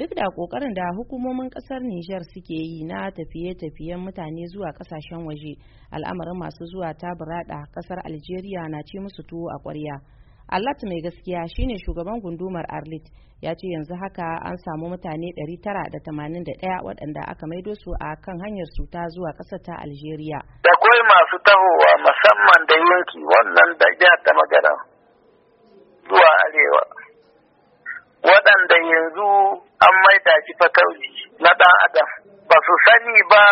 duk da kokarin da hukumomin kasar Nijar suke yi na tafiye-tafiyen mutane zuwa kasashen waje al'amarin masu zuwa ta burada kasar Algeria na ce musu tuwo a ƙwarya. Allah mai gaskiya shine shugaban gundumar Arlit ya ce yanzu haka an samu mutane 981 waɗanda aka maido su a kan hanyar su ta zuwa ƙasar ta Algeria. Da kwai masu tahowa musamman da yanki wannan da jihar ta magana zuwa arewa waɗanda yanzu ta kauri na ɗan adam ba su sani ba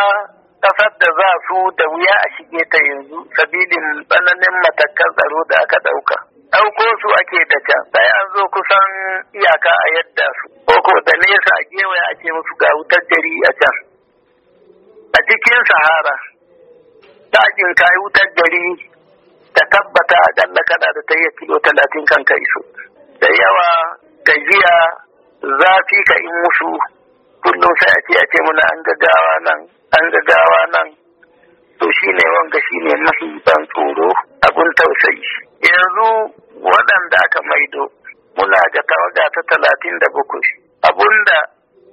ƙasar da za su da wuya a shige ta yanzu sabilin tsananin matakan tsaro da aka ɗauka ɗauko su ake da can sai an zo kusan iyaka a yadda su ko da nesa a gewa ake musu ga wutar jari a can a cikin sahara ɗakin kayi wutar jari ta tabbata a kana da ta kilo talatin kan ka iso da yawa gajiya zafi ka in musu kullum sai a ce muna an gaggawa nan an gaggawa nan to shi ne wanga ne mafi ban tsoro abun tausayi yanzu waɗanda aka maido muna ga kawaga ta talatin da bakwai abunda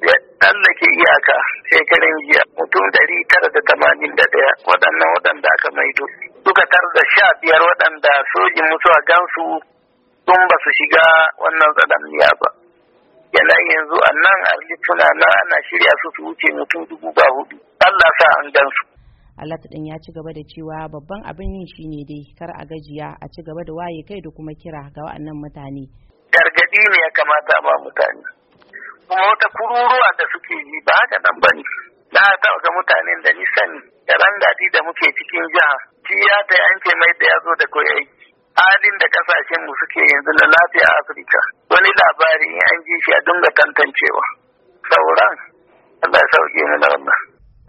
ya tsallake iyaka shekarun jiya mutum dari tara da tamanin da ɗaya waɗannan waɗanda aka maido suka tar da sha biyar waɗanda sojin musu gansu sun ba su shiga wannan tsananniya ba yana yanzu a nan a na ana shirya su su wuce mutum dubu ba hudu Allah sa an gan su. Allah ɗin ya ci gaba da cewa babban abin yin shi ne dai kar a gajiya a ci gaba da waye kai da kuma kira ga wa'annan mutane. gargaɗi ne ya kamata ba mutane. Kuma wata kururuwa da suke yi ba haka nan ba ne. Na taɓa ga mutanen da ni sani da ran da muke cikin jiha. Shi ya ta yanke mai da ya zo da koyayi. halin da kasashen mu suke yanzu na lafiya Afirka wani labari in an ji shi a dinga tantancewa sauran Allah ya sauke mana wannan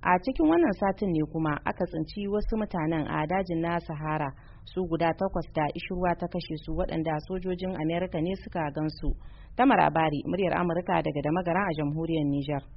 a cikin wannan satin ne kuma aka tsinci wasu mutanen a dajin na Sahara su guda takwas da ishirwa ta kashe su waɗanda sojojin Amerika ne suka gansu. Tamar Abari, muryar Amurka daga Damagara a jamhuriyar Nijar.